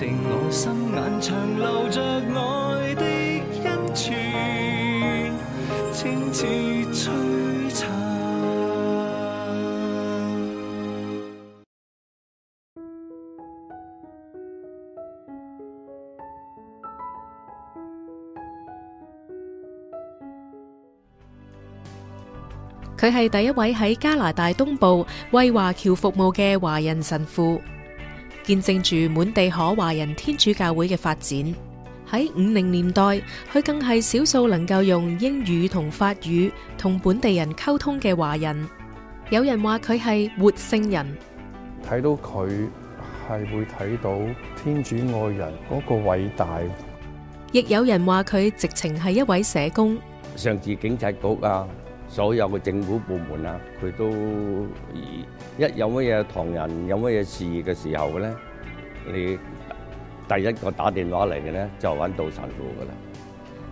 情我心眼長留着愛的恩泉清澈璀璨。佢係第一位喺加拿大東部為華僑服務嘅華人神父，見證住滿地可華人天主教會嘅發展，喺五零年代，佢更係少數能夠用英語同法語同本地人溝通嘅華人。有人話佢係活聖人，睇到佢係會睇到天主愛人嗰個偉大。亦有人話佢直情係一位社工，上至警察局啊。所有嘅政府部門啊，佢都一，有乜嘢唐人有乜嘢事嘅時候咧，你第一個打電話嚟嘅咧，就揾到神父噶啦。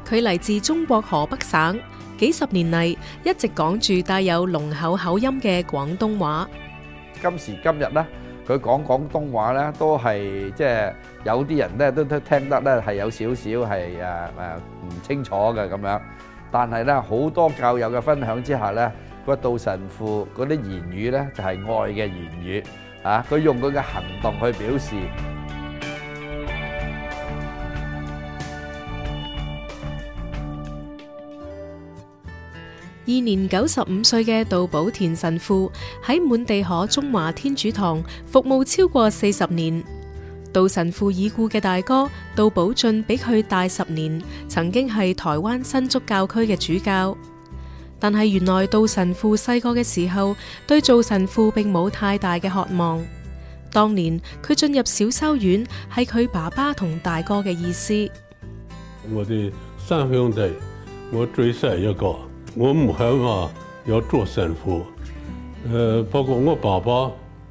佢嚟自中國河北省，幾十年嚟一直講住帶有濃厚口音嘅廣東話。今時今日咧，佢講廣東話咧，都係即係有啲人咧都都聽得咧係有少少係誒誒唔清楚嘅咁樣。但係咧，好多教友嘅分享之下呢個道神父嗰啲言語呢，就係愛嘅言語啊！佢用佢嘅行動去表示。現年九十五歲嘅杜寶田神父喺滿地可中華天主堂服務超過四十年。杜神父已故嘅大哥杜寶俊比佢大十年，曾經係台灣新竹教區嘅主教。但係原來杜神父細個嘅時候對做神父並冇太大嘅渴望。當年佢進入小修院，係佢爸爸同大哥嘅意思。我哋三兄弟，我最細一個，我唔想話要做神父，誒，包括我爸爸。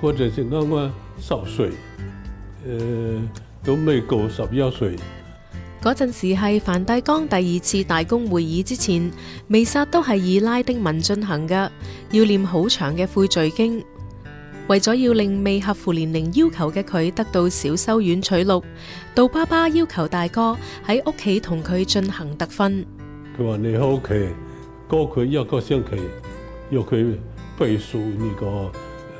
嗰陣時啱啱十歲，誒，都未夠十一歲。嗰陣時係梵蒂岡第二次大公會議之前，彌撒都係以拉丁文進行嘅，要念好長嘅悔罪經。為咗要令未合乎年齡要求嘅佢得到小修院取錄，杜爸爸要求大哥喺屋企同佢進行特訓。佢話你喺屋企教佢一個星期，要佢背誦呢、那個。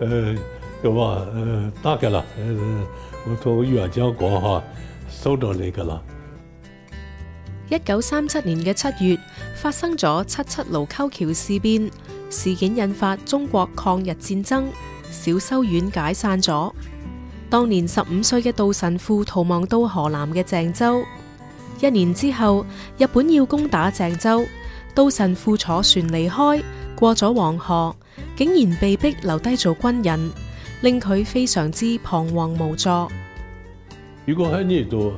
誒，咁啊，誒得嘅啦，我從院長講下，收到你個啦。一九三七年嘅七月，發生咗七七盧溝橋事變，事件引發中國抗日戰爭。小修院解散咗，當年十五歲嘅杜神父逃亡到河南嘅鄭州。一年之後，日本要攻打鄭州，杜神父坐船離開，過咗黃河。竟然被逼，逼留低做軍人，令佢非常之彷徨無助。如果喺呢度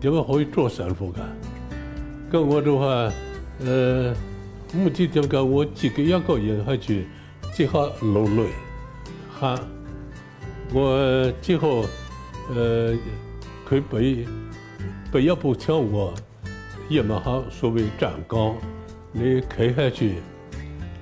點樣可以做神父噶？咁我就話，誒、呃，唔知點解我自己一個人喺住，即刻落淚。吓，我之後，誒、呃，佢俾俾一部槍我，亦冇好所謂站崗，你開下去。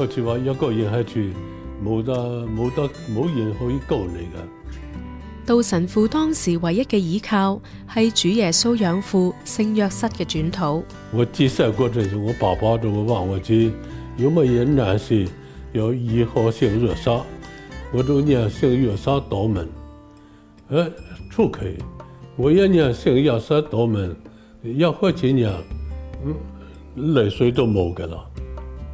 佢住話一個人喺住冇得冇得冇人可以救你噶。道神父當時唯一嘅倚靠係主耶穌養父聖若瑟嘅轉禱。我自細嗰陣時，我爸爸就我話我知有乜嘢難事，有果我年輕有愛好聖約瑟，我就念聖若瑟禱文。誒，除開我一念聖若瑟禱文，一開始念，淚、嗯、水都冇嘅啦。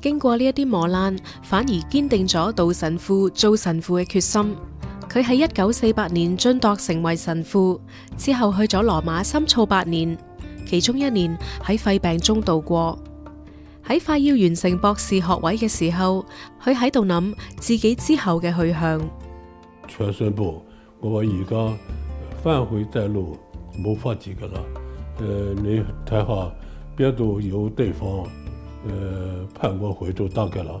經過呢一啲磨難，反而堅定咗杜神父做神父嘅決心。佢喺一九四八年晉鐸成為神父，之後去咗羅馬深造八年，其中一年喺肺病中度過。喺快要完成博士學位嘅時候，佢喺度諗自己之後嘅去向。長信部，我話而家返去大陸冇發展㗎喇，誒、呃，你睇下邊度有地方。誒，判官會就得嘅啦，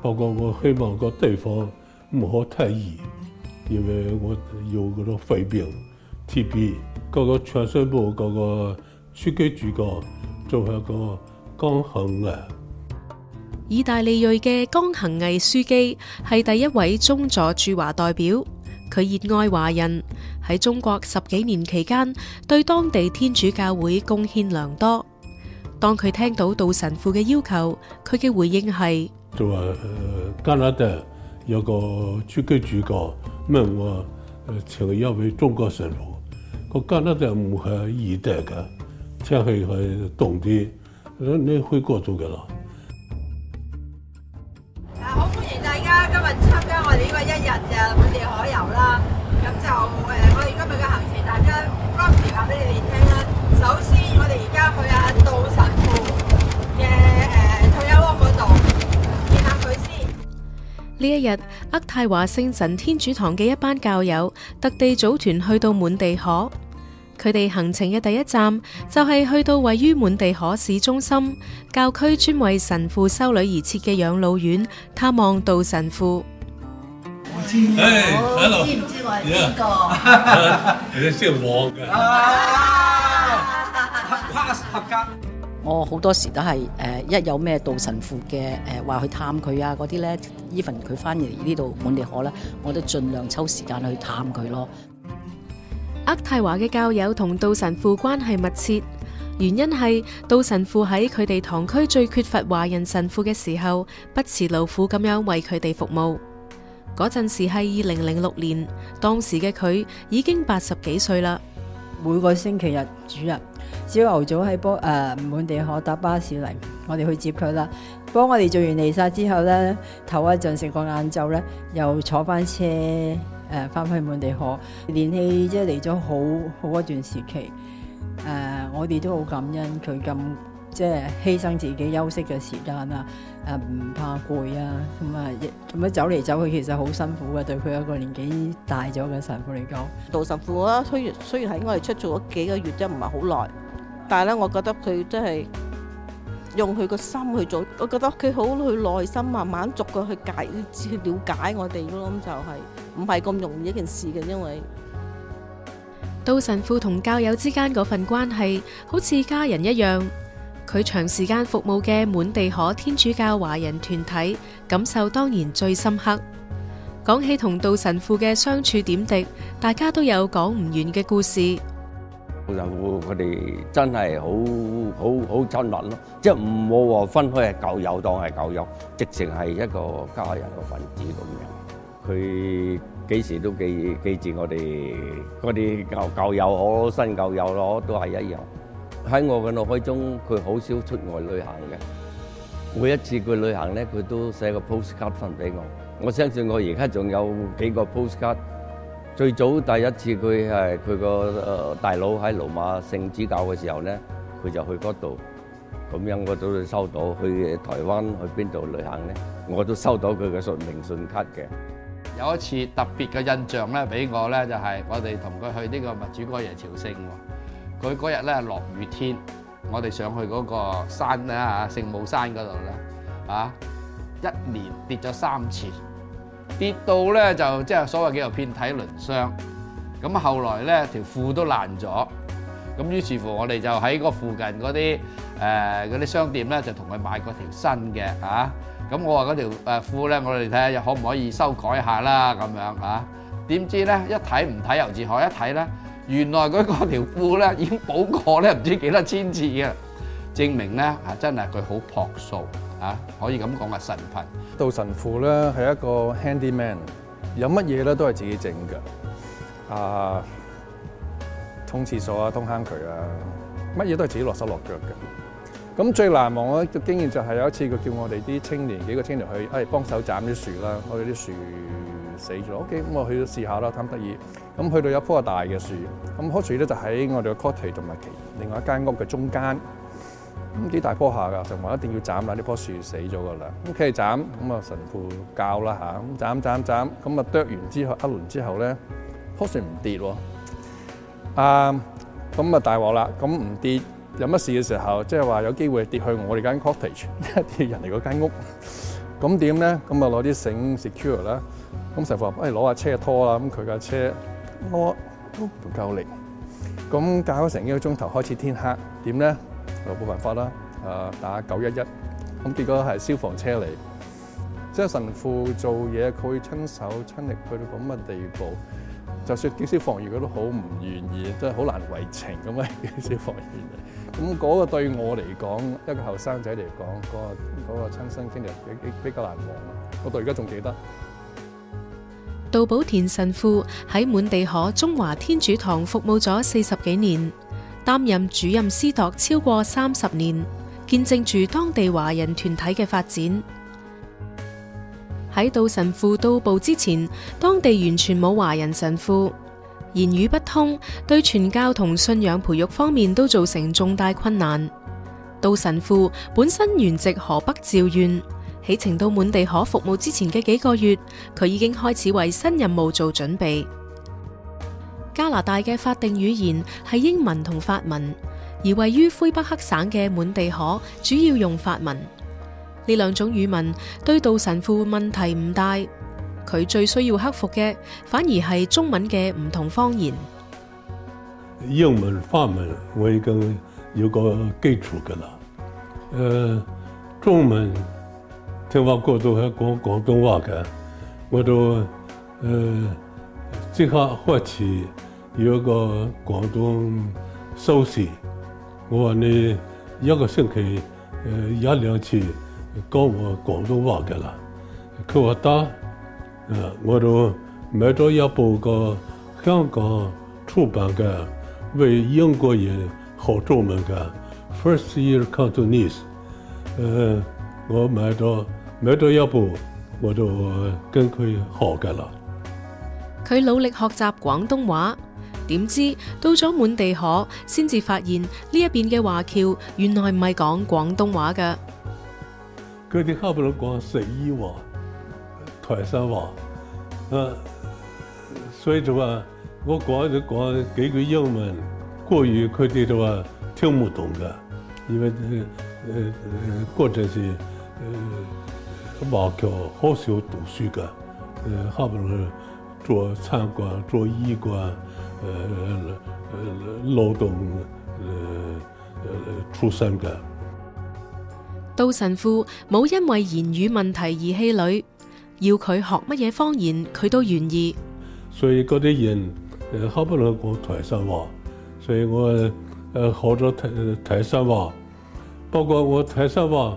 不過我希望個地方唔好太熱，因為我有嗰種肺病，T B，搞個全身部搞個樞機主教，仲有個剛恆毅啊。意大利裔嘅剛恆毅樞機係第一位宗座駐華代表，佢熱愛華人喺中國十幾年期間，對當地天主教會貢獻良多。當佢聽到道神父嘅要求，佢嘅回應係：就話加拿大有個主居主教，咁啊我請一位中國神父。個加拿大唔係熱帶嘅，天氣係凍啲，你你會過到嘅咯。嗱、啊，好歡迎大家今日參加我哋呢個一日嘅本地海遊啦。咁就誒，我、呃、哋今日嘅行程，大家 b l o c 俾你哋聽啦。首先，我哋而家去啊道神。嘅誒退休嗰度見下佢先。呢一日，厄太華聖神天主堂嘅一班教友特地組團去到滿地可，佢哋行程嘅第一站就係、是、去到位於滿地可市中心教區專為神父修女而設嘅養老院，探望杜神父。我知，hey, hello. 知唔知我係邊個？Yeah. 我好多時都係誒，一有咩道神父嘅誒話去探佢啊嗰啲咧，even 佢翻嚟呢度滿地可咧，我都儘量抽時間去探佢咯。渥太華嘅教友同道神父關係密切，原因係道神父喺佢哋堂區最缺乏華人神父嘅時候，不辭勞苦咁樣為佢哋服務。嗰陣時係二零零六年，當時嘅佢已經八十幾歲啦。每個星期日、主日，朝頭早喺波誒呃、滿地可搭巴士嚟，我哋去接佢啦。幫我哋做完彌撒之後咧，唞一陣，食個晏晝咧，又坐翻車誒翻翻滿地可，年氣即係嚟咗好好一段時期，誒、呃、我哋都好感恩佢咁。即係犧牲自己休息嘅時間啊！誒，唔怕攰啊！咁啊，咁樣走嚟走去，其實好辛苦嘅。對佢一個年紀大咗嘅神父嚟講，杜神父啦，雖然雖然喺我哋出做咗幾個月啫，唔係好耐，但係咧，我覺得佢真係用佢個心去做。我覺得佢好去耐心，慢慢逐個去解去了解我哋咯。咁就係唔係咁容易一件事嘅，因為杜神父同教友之間嗰份關係，好似家人一樣。佢長時間服務嘅滿地可天主教華人團體，感受當然最深刻。講起同道神父嘅相處點滴，大家都有講唔完嘅故事。道神父，佢哋真係好好好親密咯，即係唔好話分開係舊友當係舊友，直情係一個家人嘅分子咁樣。佢幾時都記記住我哋嗰啲舊舊友，我新舊友咯都係一樣。喺我嘅腦海中，佢好少出外旅行嘅。每一次佢旅行咧，佢都寫個 postcard 分俾我。我相信我而家仲有幾個 postcard。最早第一次佢係佢個呃大佬喺羅馬聖主教嘅時候咧，佢就去嗰度。咁樣我都收到去台灣去邊度旅行咧，我都收到佢嘅信明信卡嘅。有一次特別嘅印象咧，俾、就是、我咧就係我哋同佢去呢個民主哥耶朝聖。佢嗰日咧落雨天，我哋上去嗰個山咧嚇，聖母山嗰度咧，啊，一年跌咗三次，跌到咧就即係所謂叫做遍體鱗傷，咁後來咧條褲都爛咗，咁於是乎我哋就喺嗰附近嗰啲誒嗰啲商店咧就同佢買嗰條新嘅啊，咁我話嗰條誒褲咧，我哋睇下可唔可以修改下啦咁樣啊，點知咧一睇唔睇猶自可一睇咧。原來佢嗰條褲咧已經補過咧，唔知幾多千次嘅，證明咧啊，真係佢好樸素啊，可以咁講啊，神貧道神父咧係一個 handy man，有乜嘢咧都係自己整嘅啊，通廁所啊，通坑渠啊，乜嘢都係自己落手落腳嘅。咁最難忘嘅經驗就係有一次佢叫我哋啲青年幾個青年去，誒幫手斬啲樹啦，我哋啲樹。死咗，OK 咁我去咗試下啦。貪得意咁去到有一棵大嘅樹，咁棵樹咧就喺我哋嘅 cottage 同埋其另外一間屋嘅中間，咁幾大棵下㗎，就話一定要斬啦！呢棵樹死咗㗎啦，咁，OK 斬，咁啊神父教啦嚇，咁斬斬斬，咁啊剁完之後一輪之後咧棵樹唔跌喎，啊咁啊大鑊啦！咁、uh, 唔跌有乜事嘅時候，即係話有機會跌去我哋間 cottage 跌入人哋嗰間屋咁點咧？咁啊攞啲繩 secure 啦。咁神父話，誒、哎、攞下車拖啦，咁佢架車，我都唔夠力，咁搞咗成幾個鐘頭，開始天黑，點咧就冇辦法啦，誒打九一一，咁結果係消防車嚟。即係神父做嘢，佢親親手親力去到咁嘅地步，就算叫消防員，佢都好唔願意，真係好難為情咁啊！消防員嚟。咁嗰個對我嚟講，一個後生仔嚟講，嗰、嗰個親、嗰個、親身經歷比比較難忘啊，我到而家仲記得。杜寶田神父喺滿地可中華天主堂服務咗四十幾年，擔任主任司鐸超過三十年，見證住當地華人團體嘅發展。喺杜神父到埗之前，當地完全冇華人神父，言語不通，對傳教同信仰培育方面都造成重大困難。杜神父本身原籍河北趙縣。起程到滿地可服務之前嘅幾個月，佢已經開始為新任務做準備。加拿大嘅法定語言係英文同法文，而位於魁北克省嘅滿地可主要用法文。呢兩種語文對道神父問題唔大，佢最需要克服嘅反而係中文嘅唔同方言。英文、法文我已經有個基礎噶啦，誒、呃，中文。聽完過多還講廣東話嘅，我就誒即刻開始有個廣東消息，我話一個星期誒一兩次搞我廣東話的了，佢我打嗯、呃，我就買着一本個香港出版的為英國人學中文的 First Year Cantonese、nice, 呃》，嗯，我買着。咪到一步，我就跟佢學㗎喇。佢努力學習廣東話，點知到咗滿地可先至發現呢一邊嘅華僑原來唔係講廣東話㗎。佢哋下邊都講四邑話、台山話，嗯、啊，所以就話我講咗講幾句英文，國語佢哋就話聽唔懂㗎，因為，呃，嗰、呃、陣、呃、時，呃華僑好少讀書嘅，誒，好不如做餐館、做衣館，誒、呃，誒、呃呃，勞動，誒、呃，誒、呃，出身嘅。杜神父冇因為言語問題而氣餒，要佢學乜嘢方言，佢都願意。所以嗰啲人，誒，好不如講台山話，所以我誒，學咗台台山話，包括我台山話。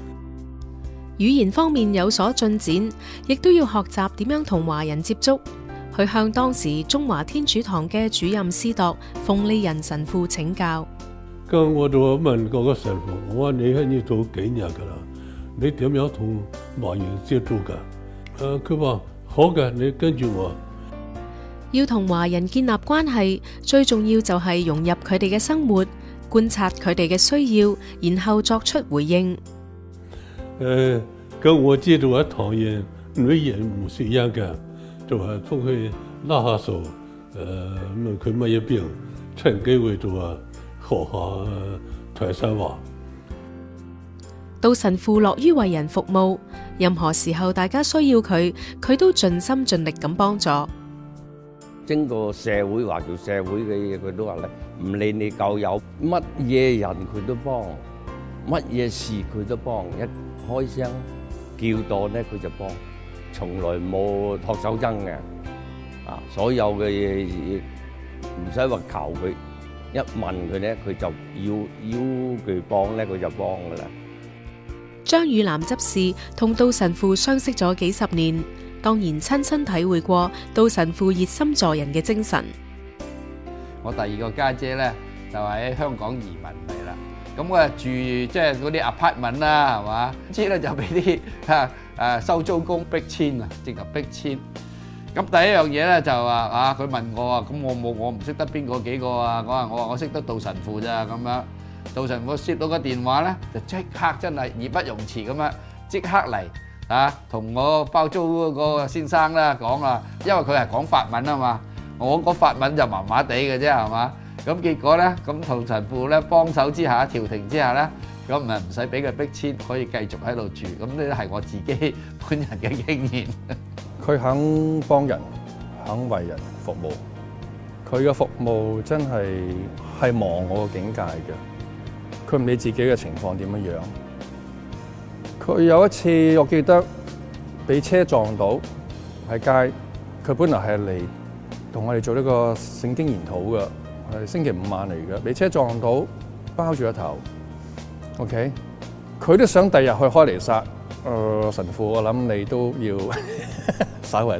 語言方面有所進展，亦都要學習點樣同華人接觸，去向當時中華天主堂嘅主任司鐸馮利仁神父請教。咁我就問嗰個神父，我話你喺呢度做幾日噶啦？你點樣同華人接觸噶？誒，佢話好嘅，你跟住我。要同華人建立關係，最重要就係融入佢哋嘅生活，觀察佢哋嘅需要，然後作出回應。誒。咁我知道我唐人，女人唔食緣嘅，就話除非拉下手，誒，問佢乜嘢病，趁機會做話學下台山話。到神父樂於為人服務，任何時候大家需要佢，佢都盡心盡力咁幫助。整個社會話叫社會嘅嘢，佢都話咧，唔理你舊有乜嘢人，佢都幫，乜嘢事佢都幫，一開聲。叫代咧，佢就幫，從來冇托手踭嘅，啊，所有嘅嘢唔使話求佢，一問佢咧，佢就要要佢幫咧，佢就幫噶啦。張宇南執事同道神父相識咗幾十年，當然親身體會過道神父熱心助人嘅精神。我第二個家姐咧，就喺香港移民嚟啦。咁啊住即係嗰啲 apartment 啦，係嘛？之後咧就俾啲嚇誒收租工逼遷啊，即係逼遷。咁第一樣嘢咧就話嚇，佢問我話，咁我冇我唔識得邊個幾個啊？我話我話我識得杜神父咋咁樣。杜神父接到個電話咧，就即刻真係義不容辭咁樣，即刻嚟嚇同我包租嗰個先生啦講啊，因為佢係講法文啊嘛，我個法文就麻麻地嘅啫，係嘛？咁結果咧，咁同神父咧幫手之下調停之下咧，咁唔係唔使俾佢逼遷，可以繼續喺度住。咁呢啲係我自己本人嘅經驗。佢肯幫人，肯為人服務。佢嘅服務真係係忘我嘅境界嘅。佢唔理自己嘅情況點樣樣。佢有一次我記得俾車撞到喺街，佢本來係嚟同我哋做呢個聖經研討嘅。係星期五晚嚟嘅，俾車撞到，包住個頭。OK，佢都想第日去開彌撒。誒、呃、神父我諗你都要呵呵稍微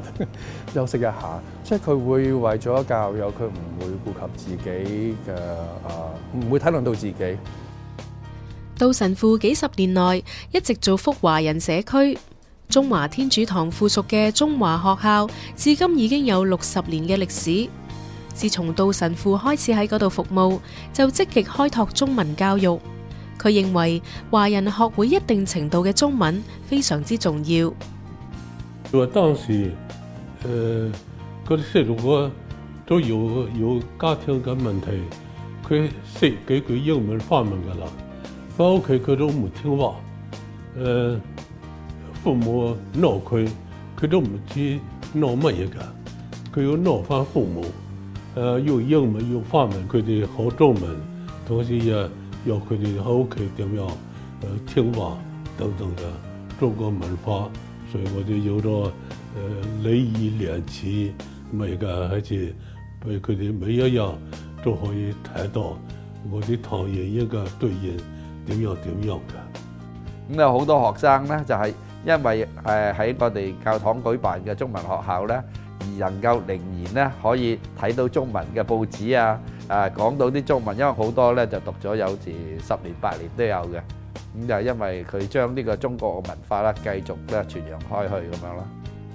休息一下。即係佢會為咗教友，佢唔會顧及自己嘅啊，唔、呃、會體諒到自己。杜神父幾十年來一直造福華人社區，中華天主堂附屬嘅中華學校，至今已經有六十年嘅歷史。自從杜神父開始喺嗰度服務，就積極開拓中文教育。佢認為華人學會一定程度嘅中文非常之重要。佢話當時誒嗰啲細路哥都有有家庭嘅問題，佢識幾句英文翻文噶啦，翻屋企佢都唔聽話。誒、呃、父母鬧佢，佢都唔知鬧乜嘢噶，佢要鬧翻父母。誒，用、呃、英文、用法文，佢哋好中文，同時也要佢哋喺屋企點樣，誒，聽話等等嘅中國文化，所以我哋有着誒，禮義廉恥，咪㗎，好似俾佢哋每一樣都可以睇到我啲唐人一個對應點樣點樣嘅。咁、嗯、有好多學生咧，就係、是、因為誒喺、呃、我哋教堂舉辦嘅中文學校咧。而能夠仍然咧可以睇到中文嘅報紙啊，啊講到啲中文，因為好多咧就讀咗有成十年八年都有嘅，咁就係因為佢將呢個中國嘅文化咧繼續咧傳揚開去咁樣啦。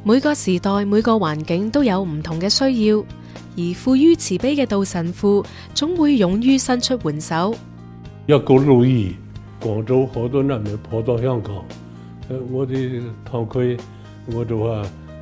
每個時代每個環境都有唔同嘅需要，而富於慈悲嘅道神父總會勇於伸出援手。一個女兒，廣州好多人咪跑到香港，我哋睇佢，我就話。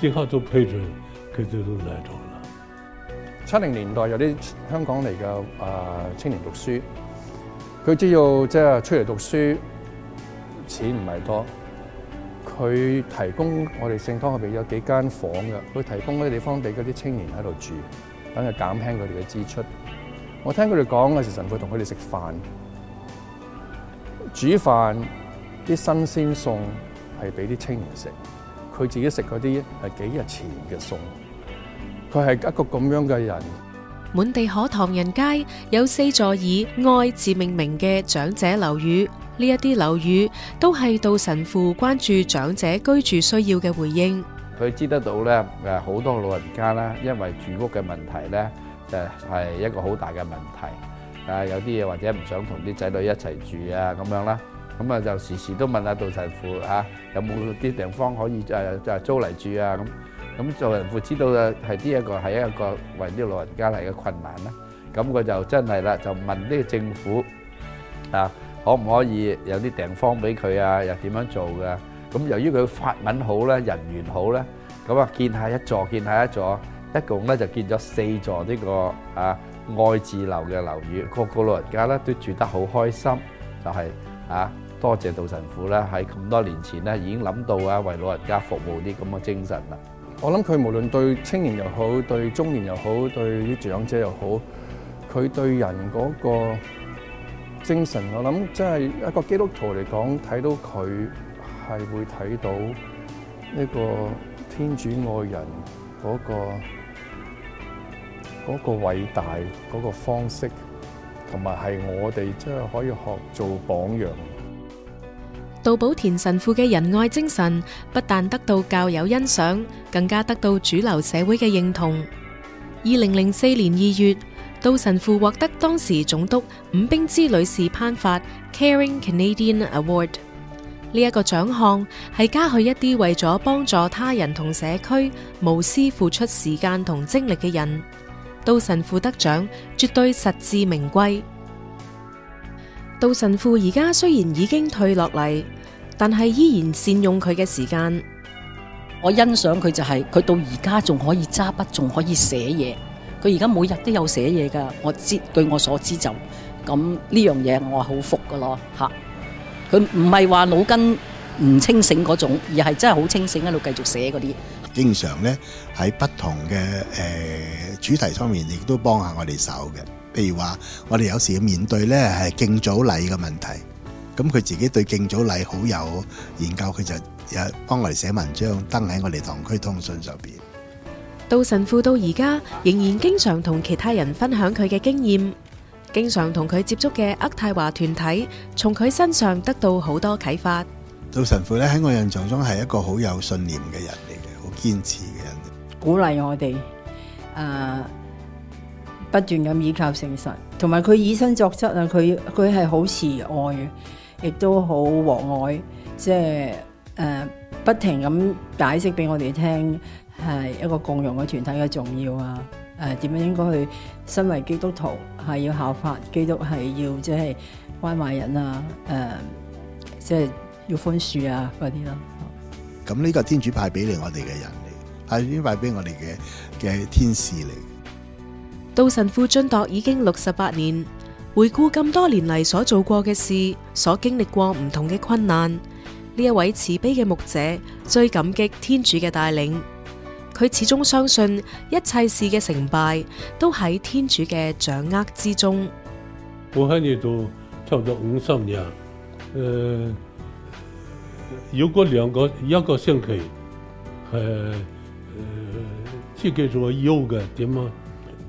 即刻做批准，佢哋都嚟咗啦。七零年代有啲香港嚟嘅啊青年讀書，佢知要即係、呃、出嚟讀書錢唔係多，佢提供我哋聖湯入邊有幾間房嘅，佢提供嗰啲地方俾嗰啲青年喺度住，等佢減輕佢哋嘅支出。我聽佢哋講，有時神父同佢哋食飯，煮飯啲新鮮餸係俾啲青年食。佢自己食嗰啲係幾日前嘅餸，佢係一個咁樣嘅人。滿地可唐人街有四座以愛字命名嘅長者樓宇，呢一啲樓宇都係道神父關注長者居住需要嘅回應。佢知得到咧，誒好多老人家啦，因為住屋嘅問題咧，就係一個好大嘅問題。誒有啲嘢或者唔想同啲仔女一齊住啊，咁樣啦。咁啊，就時時都問下杜神父嚇，有冇啲地方可以就就租嚟住啊？咁咁，做神父知道啊係呢一個係一個為呢個老人家嚟嘅困難啦。咁佢就真係啦，就問呢個政府啊，可唔可以有啲地方俾佢啊？又點樣做嘅？咁由於佢發文好咧，人緣好咧，咁啊建下一座，建下一座，一共咧就建咗四座呢個啊愛字樓嘅樓宇，個個老人家咧都住得好開心，就係啊～多謝杜神父啦！喺咁多年前咧，已經諗到啊，為老人家服務啲咁嘅精神啦。我諗佢無論對青年又好，對中年又好，對啲長者又好，佢對人嗰個精神，我諗真係一個基督徒嚟講，睇到佢係會睇到呢個天主愛人嗰個嗰個偉大嗰個方式，同埋係我哋即係可以學做榜樣。杜寶田神父嘅仁愛精神不但得到教友欣賞，更加得到主流社會嘅認同。二零零四年二月，杜神父獲得當時總督伍冰枝女士頒發 Caring Canadian Award 呢一個獎項，係嘉許一啲為咗幫助他人同社區無私付出時間同精力嘅人。杜神父得獎絕對實至名歸。杜神父而家雖然已經退落嚟，但係依然善用佢嘅時間。我欣賞佢就係、是、佢到而家仲可以揸筆，仲可以寫嘢。佢而家每日都有寫嘢噶，我知，據我所知就咁呢樣嘢，我係好服噶咯吓。佢唔係話腦筋唔清醒嗰種，而係真係好清醒喺度繼續寫嗰啲。經常咧喺不同嘅誒主題方面也，亦都幫下我哋手嘅。譬如話，我哋有時要面對呢係敬祖禮嘅問題，咁佢自己對敬祖禮好有研究，佢就又幫我哋寫文章登喺我哋堂區通訊上面。杜神父到而家仍然經常同其他人分享佢嘅經驗，經常同佢接觸嘅渥太華團體，從佢身上得到好多啟發。杜神父呢喺我印象中係一個好有信念嘅人嚟嘅，好堅持嘅人，鼓勵我哋。誒。不斷咁依靠聖神，同埋佢以身作則啊！佢佢係好慈愛嘅，亦都好和藹。即係誒不停咁解釋俾我哋聽，係一個共融嘅團體嘅重要啊！誒、呃、點樣應該去身為基督徒係要效法基督，係要即係關懷人啊！誒即係要寬恕啊嗰啲咯。咁呢、啊、個天主派俾嚟我哋嘅人嚟，係呢派俾我哋嘅嘅天使嚟。道神父晉鐸已經六十八年，回顧咁多年嚟所做過嘅事，所經歷過唔同嘅困難，呢一位慈悲嘅牧者最感激天主嘅帶領。佢始終相信一切事嘅成敗都喺天主嘅掌握之中。我喺呢度差唔多五十年，誒，有過兩個一個星期，誒，即係做六個點啊？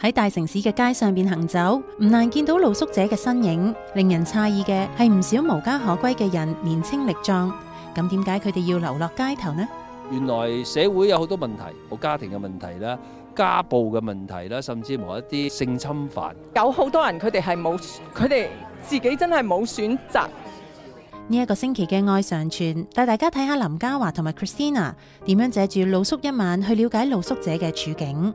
喺大城市嘅街上邊行走，唔難見到露宿者嘅身影。令人詫異嘅係唔少無家可歸嘅人年輕力壯，咁點解佢哋要流落街頭呢？原來社會有好多問題，家庭嘅問題啦，家暴嘅問題啦，甚至乎一啲性侵犯。有好多人佢哋係冇，佢哋自己真係冇選擇。呢一個星期嘅愛上傳，帶大家睇下林嘉華同埋 Christina 點樣借住露宿一晚去了解露宿者嘅處境。